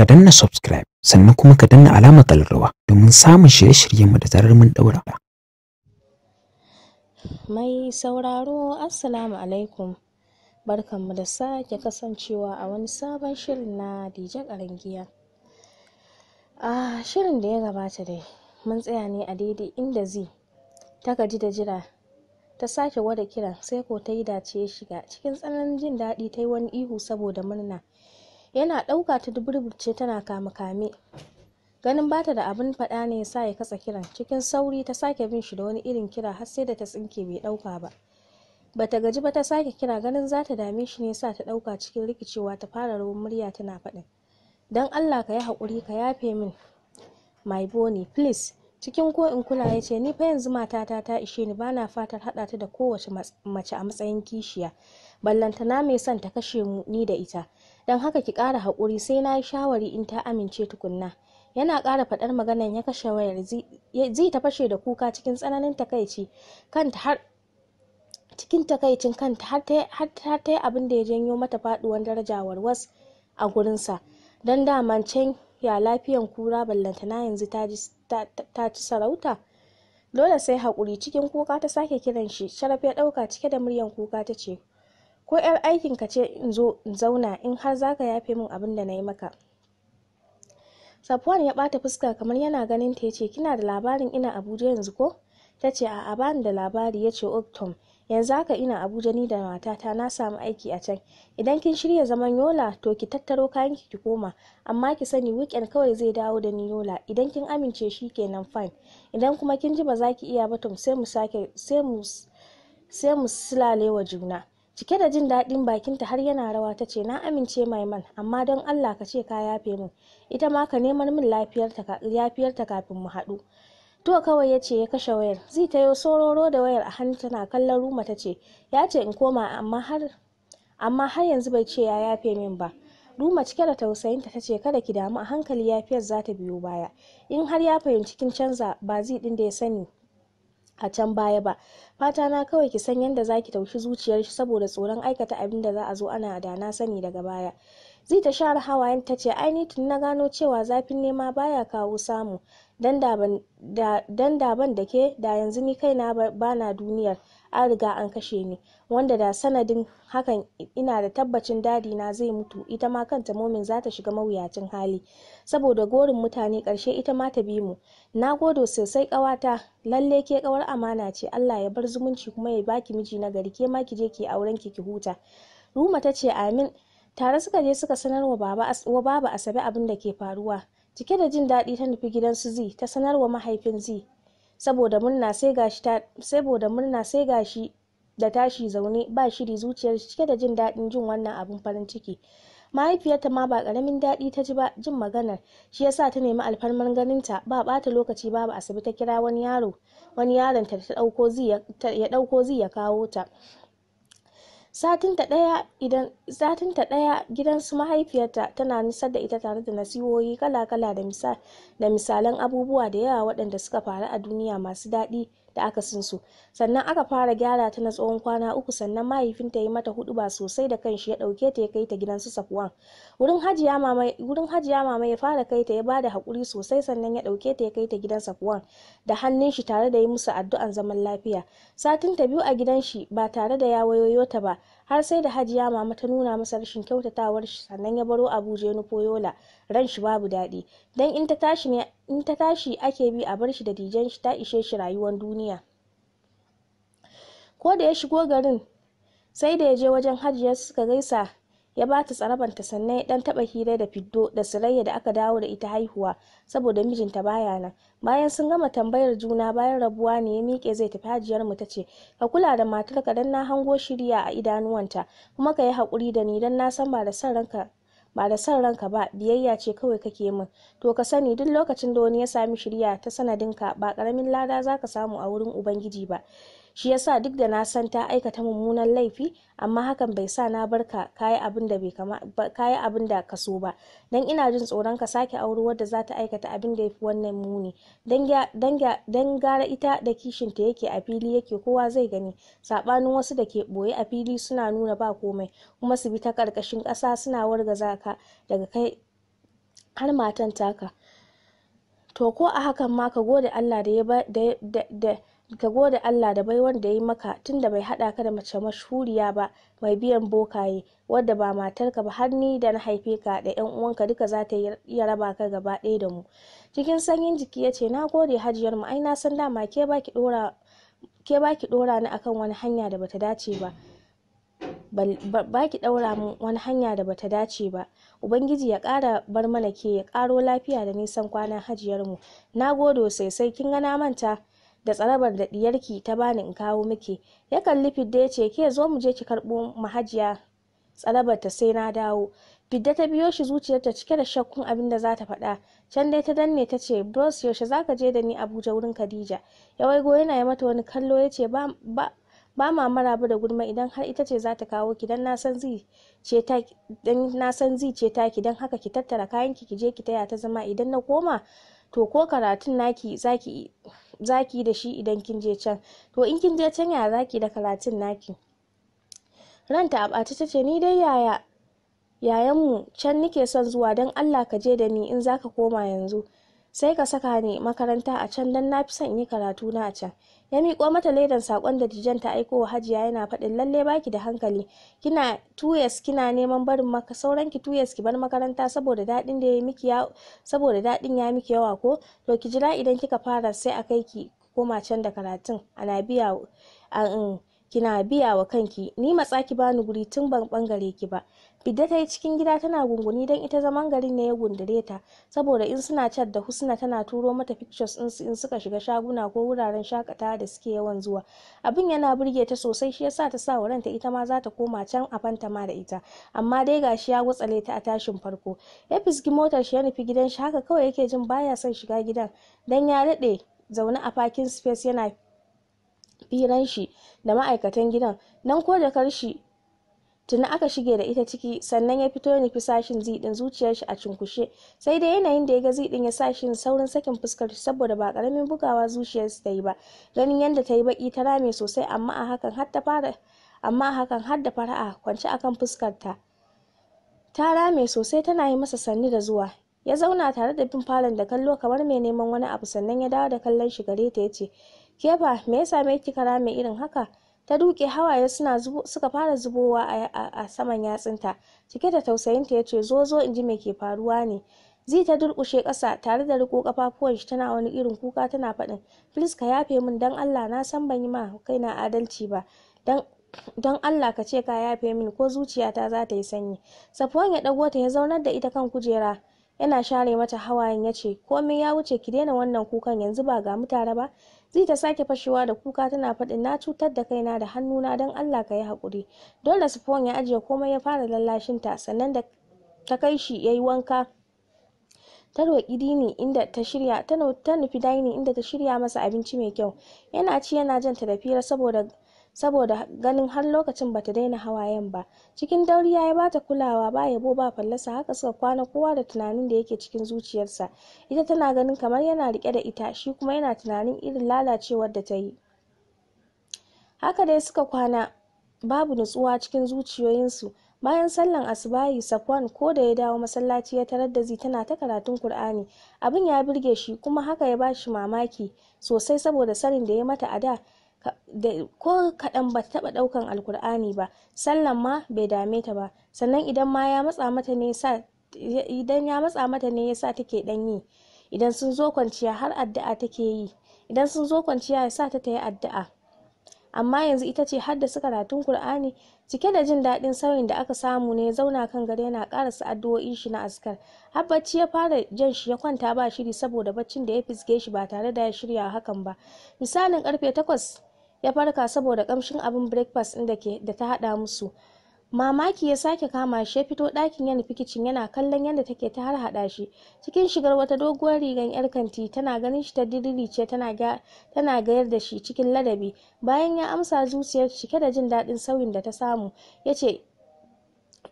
ka danna subscribe sannan kuma ka danna alamar kallarwa domin samun shirye shiryen mu da zarar mun ɗaura. Mai sauraro Assalamu alaikum barkanmu da sake kasancewa a wani sabon shirin na dijin karangiya A shirin da ya gabata dai mun tsaya ne a daidai inda zai ta gaji da jira ta sake gwada kiran sai ko ta yi dace ya shiga cikin tsananin jin daɗi ta yi wani ihu saboda murna. yana ɗauka ta duburburce tana kame-kame ganin bata da abin faɗa ne ya sa ya katsa kiran cikin sauri ta sake bin shi da wani irin kira har sai da ta tsinke bai ɗauka ba bata gaji ba ta sake kira ganin za ta dame shi ne sa ta ɗauka cikin rikicewa ta fara rawan murya tana faɗin don allah ka yi haƙuri ka yafe min my boni please cikin ko in kula ya ce ni fa yanzu matata ta ishe ni bana fatar haɗa ta da kowace mace a matsayin kishiya ballantana mai son ta kashe mu ni da ita don haka ki kara haƙuri sai na yi shawari in ta amince tukunna yana kara faɗar maganan ya kashe wayar zai ta fashe da kuka cikin tsananin takaici kanta har cikin takaicin kanta har ta yi abin da ya janyo mata faɗuwan daraja warwas a gurinsa don daman can ya lafiyan kura ballanta na yanzu ta ci sarauta dole sai haƙuri cikin kuka ta sake kiran shi sharaf ya ɗauka cike da muryan kuka ta ce ko 'yar aikin ka ce in zo in zauna in har za ka yafe min abin da na yi maka safwan ya ɓata fuska kamar yana ganin ta yace kina da labarin ina abuja yanzu ko ta ce a'a bani da labari ya ce oh, tom yanzu haka ina abuja ni da matata na samu aiki a can idan kin shirya zaman yola to ki tattaro kayan ki koma amma ki sani weekend kawai zai dawo da ni yola idan kin amince shi kenan fine idan kuma kin ji ba za ki iya ba tom sai mu sake sai mu sai mu silale wa juna cike da jin daɗin bakinta har yana rawa ta ce na amince maiman amma don allah ka ce ka yafe min ita ma ka neman min lafiyarta kafin mu haɗu to kawai ya ce ya kashe wayar zai tayo sororo da wayar a hannu tana kallon ruma ta ce ya ce in koma amma har amma har yanzu bai ce ya yafe min ba ruma cike da tausayinta ta ce kada ki damu a hankali yafiyar za ta biyo baya in har ya fahimci kin canza ba zai ɗin da ya sani a can baya ba fata na kawai ki san yadda za ki taushi zuciyar shi saboda tsoron aikata abin da za a zo ana da na sani daga baya zai ta share hawayen ta ce ainihin tun na gano cewa zafin nema baya kawo samu dan daban da ke da yanzu ni kaina bana duniyar an riga an kashe ni wanda da sanadin hakan ina da tabbacin dadi na zai mutu ita ma kanta momin za ta shiga mawuyacin hali saboda gorin mutane karshe ita ma ta bi mu na godo sosai kawata lalle ke kawar amana ce Allah ya bar zumunci kuma ya baki miji na gari ke ma ki je ki auren ki ki huta Ruma ta ce amin tare suka je suka sanar wa baba asabe abin da ke faruwa cike da jin daɗi ta nufi gidan su zi ta sanar wa mahaifin zi saboda murna sai gashi da tashi zaune ba shiri zuciyar cike da jin daɗin jin wannan abin farin ciki mahaifiyarta ma ba karamin daɗi ta ji ba jin maganar shi yasa ta nemi alfarmar ganinta ba ɓata lokaci babu asabe ta kira wani yaro wani yaron ta ya ɗauko zi ya kawo ta satin ta ɗaya gidan su mahaifiyarta tana nisar da ita tare da nasihohi kala-kala da misalan abubuwa da yawa waɗanda suka faru a duniya masu daɗi da aka akasinsu sannan aka fara gyara ta na tsawon kwana uku sannan mahaifinta ya yi mata hudu ba sosai da kanshi ya dauke ta ya kai ta gidan su safwan wurin hajiya mama mama ya fara kai ta ya da hakuri sosai sannan ya dauke ta ya kai ta gidan safwan da hannun shi tare da yi musu addu'an zaman lafiya satin ta biyu a gidan shi ba tare da ya wayoyo ta ba har sai da hajiya mama ta nuna masa rashin kyautatawar shi sannan ya baro abuja ya nufo ran shi babu daɗi don in ta tashi ne in ta tashi ake bi a bar shi da dijen shi ta ishe shi rayuwar duniya ko da ya shigo garin sai da ya je wajen hajiya suka gaisa ya ba ta tsarabanta sannan ya dan taba hira da fiddo da sirayya da aka dawo da ita haihuwa saboda mijinta baya nan bayan sun gama tambayar juna bayan rabuwa ne ya miƙe zai tafi hajiyar mu ce ka kula da matarka dan na hango shirya a idanuwanta kuma ka yi haƙuri da ni dan na san ba da son ranka ba da san ranka ba biyayya ce kawai kake min to ka sani duk lokacin da wani ya sami shirya ta sanadinka ba karamin lada zaka samu a wurin ubangiji ba shi yasa duk da na san ta aikata mummunan laifi amma hakan bai sa na barka kayi abin da bai kayi abin da ka so ba dan ina jin tsoron ka sake aure wadda za ta aikata abin da yafi wannan muni dan gara ita da kishin ta yake a fili yake kowa zai gani sabanin wasu da ke boye a fili suna nuna ba komai kuma su bi ta karkashin kasa suna wargaza ka daga kai har matan taka to ko a hakan ma ka gode Allah da ya da ka gode Allah da bai wanda ya yi maka tun da bai haɗa ka da mace mashuriya ba mai biyan bokaye wadda ba matarka ba har ni da na haife ka da yan uwanka duka za ta iya raba ka gaba ɗaya da mu cikin sanyin jiki ya ce na gode hajiyar mu ai na san dama ke baki ɗora ke ki ɗora ni akan wani hanya da bata dace ba baki ɗaura mu wani hanya da bata dace ba ubangiji ya ƙara bar mana ke ya karo lafiya da nisan kwanan hajiyar mu na gode sosai kin ga na manta da tsarabar da diyarki ta bani in kawo miki ya kalli fidda ya ce ke zo mu je ki karbo mahajiya tsarabar ta sai na dawo fidda ta biyo shi zuciyarta cike da shakkun abin da za ta faɗa can dai ta danne ta ce bros yaushe za ka je da ni abuja wurin khadija ya goyi yana yi mata wani kallo ya ce ba ma maraba da gurma idan har ita ce za ta kawo ki dan na san zai ce ta ki dan haka ki tattara kayan ki ki je ki taya ta zama idan na koma to ko karatun naki zaki zaki da shi idan kin je can to in kin je can ya zaki da karatun naki ranta a ɓata ta ce ni dai yaya yayanmu can nike son zuwa don allah ka je da ni in zaka koma yanzu sai ka saka ni makaranta a can don na fi son yi karatu na a can ya miƙo mata ledan sakon da dijan ta aiko wa hajiya yana faɗin lalle baki da hankali kina tuyas kina neman barin maka sauran ki tuyas ki bar makaranta saboda daɗin da ya miki saboda daɗin ya miki yawa ko to ki jira idan kika fara sai a kai ki koma can da karatun ana biya a kina biya wa kanki ni matsa ki bani guri tun ban bangare ki ba Bidda ta yi cikin gida tana gunguni don ita zaman garin ne ya gundure ta saboda in suna chat da Husna tana turo mata pictures in su in suka shiga shaguna ko wuraren shakatawa da suke yawan zuwa. Abin yana burge ta sosai shi yasa ta sa wa ta ita ma za ta koma can a fanta ma da ita amma dai gashi ya gutsale ta a tashin farko. Ya fisgi motar shi ya nufi gidan shi haka kawai yake jin baya son shiga gidan dan ya daɗe zaune a parking space yana firan shi da ma'aikatan gidan nan ko da shi tuni aka shige da ita ciki sannan ya fito ya nufi sashin zidin zuciyar shi a cunkushe sai dai yanayin da ya ga zidin ya sa shi saurin sakin fuskar shi saboda ba karamin bugawa zuciyar ta yi ba ganin yadda ta yi baki ta rame sosai amma a hakan har ta fara amma a hakan har da fara'a kwance akan fuskar ta ta rame sosai tana yi masa sanni da zuwa ya zauna tare da bin falon da kallo kamar mai neman wani abu sannan ya dawo da kallon shi gare ta ya ce kefa me ya same kika rame irin haka ta duke hawaye suna suka fara zubowa a saman yatsunta cike da tausayinta ya ce zozo in ji me ke faruwa ne zai ta durkushe ƙasa tare da riko kafafuwan shi tana wani irin kuka tana faɗin please ka yafe min dan Allah na san ban yi ma kai na adalci ba dan don Allah ka ce ka yafe min ko zuciyata za ta yi sanyi safuwan ya ɗago ta ya zaunar da ita kan kujera yana share mata hawayen ya ce komai ya wuce ki daina wannan kukan yanzu ba ga mutare ba zai ta sake fashewa da kuka tana faɗin na cutar da kaina da hannuna don allah ka yi haƙuri dole sifon ya ajiye komai ya fara ta sannan da ta kai shi ya yi wanka ta roƙi dini inda ta shirya ta nufi dini inda ta shirya masa abinci mai kyau yana ci yana jan ta da fira saboda saboda ganin har lokacin bata daina hawayen ba cikin dauri ya ba ta kulawa ba yabo ba fallasa haka suka kwana kowa da tunanin da yake cikin zuciyarsa ita tana ganin kamar yana rike da ita shi kuma yana tunanin irin lalacewar da ta yi haka dai suka kwana babu nutsuwa cikin zuciyoyinsu bayan sallan asubahi safwan ko da ya dawo masallaci ya tarar da tana ta karatun kur'ani abin ya birge shi kuma haka ya bashi mamaki sosai saboda sanin da ya mata a da ko kaɗan ba taɓa ɗaukan alkur'ani ba sallan ma bai dame ta ba sannan idan ma ya matsa mata ne sa idan ya matsa mata ne yasa take ɗan yi idan sun zo kwanciya har addu'a take yi idan sun zo kwanciya ya sa ta ta yi addu'a amma yanzu ita ce har da su karatun kur'ani cike da jin daɗin sauyin da aka samu ne zauna kan gado yana su addu'o'in shi na askar har bacci ya fara jan shi ya kwanta ba shiri saboda baccin da ya fisge shi ba tare da ya shirya hakan ba misalin karfe takwas ya farka saboda kamshin abin breakfast ɗin ke da ta hada musu mamaki ya sake kama shi ya fito ɗakin ya fikicin yana kallon yadda take ta har hada shi cikin shigar wata doguwar rigar yar kanti tana ganin shi ta diriri ce tana gayar da shi cikin ladabi bayan ya amsa zuciyar cike da jin daɗin sauyin da ta samu ya ce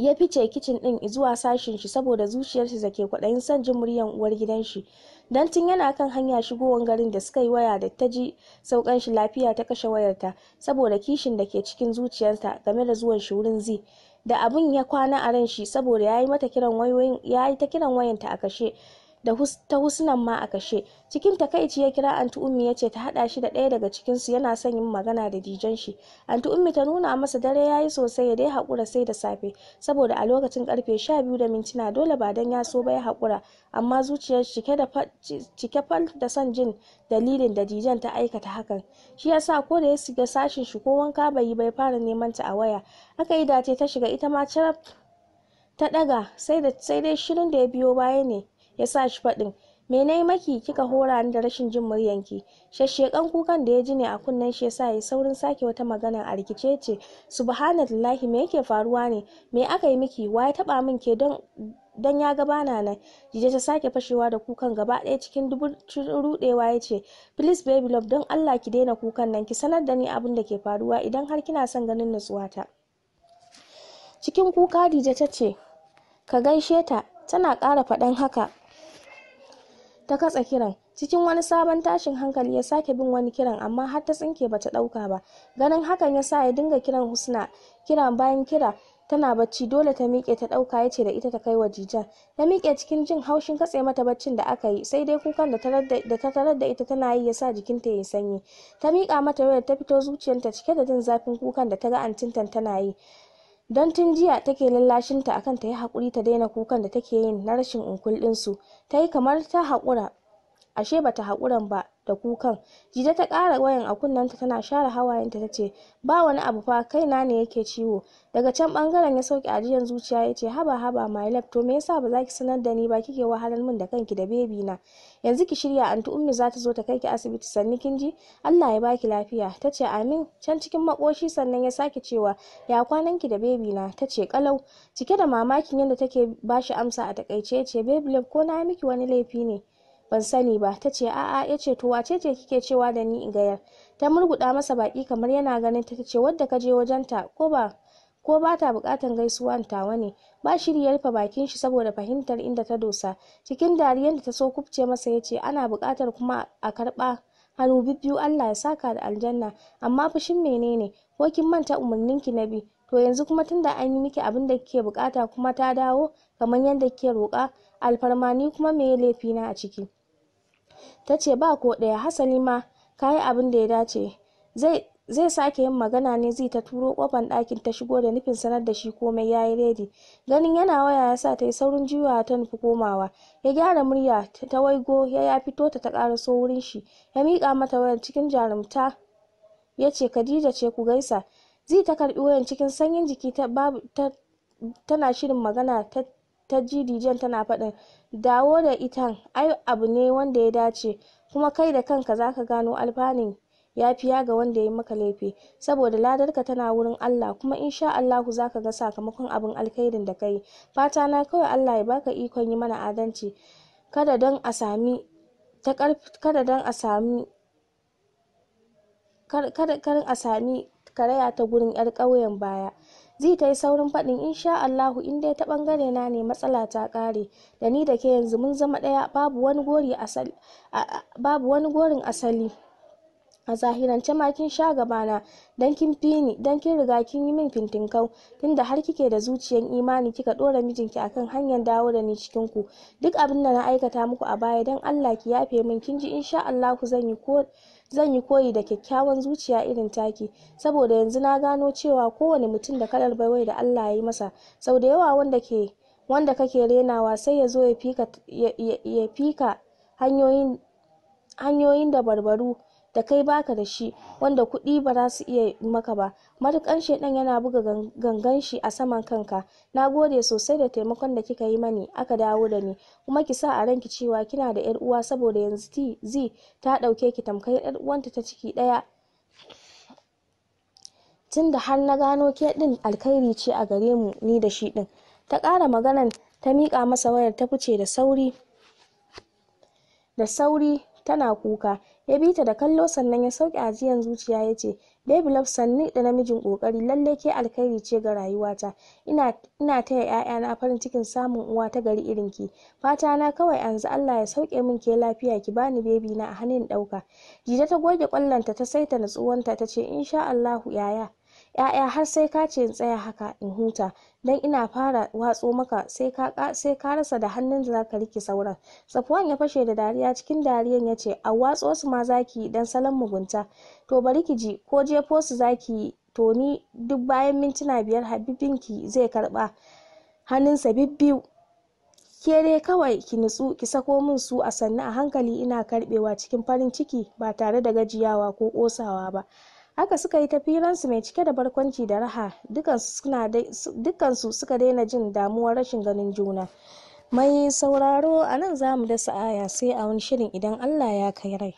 ya fice kicin din zuwa sashin shi saboda zuciyarsa da ke kwaɗayin son jin muryar uwar gidan shi dan tun yana kan hanya shigowar garin da suka yi waya da ta ji saukan shi lafiya ta kashe wayarta saboda kishin da ke cikin zuciyarta game da zuwan shi wurin zi da abun ya kwana a ran shi saboda ya yi mata kiran wayoyin ya ta kiran wayanta a kashe da ta husnan ma a kashe cikin takaici ya kira anti ummi ya ce ta hada shi da ɗaya daga cikin su yana son yin magana da dijon shi anti ummi ta nuna masa dare yayi sosai ya dai hakura sai da safe saboda a lokacin karfe sha da mintuna dole ba dan ya so ba ya haƙura amma zuciyar cike da cike fal da son jin dalilin da dijon ta aikata hakan shi yasa ko da ya shiga sashin shi ko wanka bai yi bai fara neman ta a waya aka yi dace ta shiga ita ma daga ta ɗaga sai dai shirin da ya biyo baya ne ya sa shi faɗin me na yi maki kika hora ni da rashin jin muryanki shashshekan kukan da ya ji ne a kunnen shi yasa ya saurin sake wata magana a rikice ce subhanallahi me yake faruwa ne me aka yi miki wa ya taba min ke don dan ya gabana nan jije ta sake fashewa da kukan gaba ɗaya cikin dubu rudewa ya ce please baby love don allah ki daina kukan nan ki sanar da ni abin da ke faruwa idan har kina son ganin natsuwata cikin kuka dije ta ce ka gaishe ta tana kara faɗan haka ta katsa kiran cikin wani sabon tashin hankali ya sake bin wani kiran amma har ta tsinke bata dauka ba ganin hakan ya sa ya dinga kiran husna kiran bayan kira tana bacci dole ta miƙe ta dauka ya ce da ita ta kai wa jijan ta miƙe cikin jin haushin katse mata baccin da aka yi sai dai kukan da ta tarar da ita tana yi ya sa jikinta ya sanyi ta miƙa mata wayar ta fito zuciyarta cike da jin zafin kukan da ta ga antintan tana yi don tun jiya take lallashinta akan ta yi haƙuri ta daina kukan da take yin na rashin unkul ɗinsu ta yi kamar ta haƙura ashe ba ta haƙuran ba da kukan jita ta ƙara wayan a kunnenta tana share hawayenta tace ba wani abu fa kaina ne yake ciwo daga can bangaren ya sauke ajiyan zuciya yace haba haba my love to me yasa ba za ki sanar da ni ba kike wahalar min da kanki da bebi na yanzu ki shirya anti ummi za ta zo ta kai ki asibiti sanni kin ji Allah ya baki lafiya tace amin can cikin makoshi sannan ya sake cewa ya kwanan ki da bebi na tace kalau cike da mamakin yadda take bashi amsa a takaice yace baby love ko na miki wani laifi ne ban sani ba ta ce a'a ya ce to wace ce kike cewa da ni in gayar ta murguɗa masa baki kamar yana ganin ta ce wadda ka je wajenta ko ba ko ba ta bukatan gaisuwa ta wani ba shiri ya rufe bakin shi saboda fahimtar inda ta dosa cikin dariyar da ta so kubce masa ya ce ana bukatar kuma a karba hannu bibbiyu Allah ya saka da aljanna amma fushin menene ko kin manta umarnin ki na bi to yanzu kuma tunda an yi miki abin da kike bukata kuma ta dawo kamar yadda kike roka alfarmani kuma me laifi na a ciki ta ce ba ko ɗaya hasali ma ka yi abin da ya dace zai sake yin magana ne zai ta turo kofan ɗakin ta shigo da nufin sanar da shi komai ya yi redi ganin yana waya ya sa ta yi saurin juyawa ta nufi komawa ya gyara murya ta waigo ya ya fito ta ta so wurin shi ya miƙa mata wayan cikin jarumta ya ce khadija ce ku gaisa zai ta karɓi wayan cikin sanyin jiki ta tana shirin magana ta ta ji tana faɗin dawo da itan ai abu ne wanda ya dace kuma kai da kanka zaka gano alfanun yafiya ga wanda ya maka laifi saboda ladarka tana wurin Allah kuma insha Allahu zaka ga sakamakon abin alkhairin da kai fata na kawai Allah ya baka ikon yi mana adalci kada don a sami ta kada don a sami kada a sami karaya ta gurin 'yar ƙauyen baya Zai ta yi saurin faɗin insha Allahu in dai ta bangare na ne matsala ta ƙare da ni da ke yanzu mun zama ɗaya babu wani gorin asali. a zahirance ma kin sha gabana dan kin fi dan kin riga kin yi min fintin fintinkau tunda har kike da zuciyan imani kika dora mijinki akan hanyar dawo da ni cikin ku duk abin da na aikata muku a baya dan Allah ki yafe min kin ji insha Allah zan yi ko zan yi koyi da kyakkyawan zuciya irin taki saboda yanzu na gano cewa kowane mutum da kalar baiwai da Allah ya yi masa sau da yawa wanda ke kake renawa sai ya zo ya fika hanyoyin hanyoyin barbaru. da kai baka da shi wanda kuɗi ba za su iya maka ba matukan shaidan yana buga gangan shi a saman kanka na gode sosai da taimakon da kika yi mani aka dawo da ni kuma ki sa a ranki cewa kina da yar uwa saboda yanzu t z ta ɗauke ki tamkar yar uwanta ta ciki ɗaya tun da har na gano ke ɗin alkhairi ce a gare mu ni da shi ɗin ta ƙara maganan ta miƙa masa wayar ta fice da sauri da sauri tana kuka ya bi ta da kallo sannan ya sauke ajiyan zuciya ya ce baby love sanni da namijin kokari lallai ke alkhairi ce ga rayuwata ina ina taya ƴaƴana farin cikin samun uwa ta gari irin ki fata na kawai yanzu Allah ya sauke min ke lafiya ki bani baby na a hannun dauka jita ta goge kwallonta ta saita natsuwanta ta ce insha Allahu yaya 'ya'ya har sai ka ce in tsaya haka in huta don ina fara watso maka sai ka rasa da hannun da zaka rike sauran safuwan ya fashe da dariya cikin dariyan ya ce a watso su ma zaki dan salon mugunta to bari ki ji ko jefo su zaki to ni duk bayan mintuna biyar habibinki zai karba hannunsa bibbiu ke dai kawai ki nutsu ki sako min su a sannu a hankali ina karbewa cikin farin ciki ba tare da gajiyawa ko ƙosawa ba haka suka yi tafiransu mai cike da barkwanci da raha dukansu suka daina jin damuwar rashin ganin juna mai sauraro a nan za mu dasa aya sai a wani shirin idan allah ya kai rai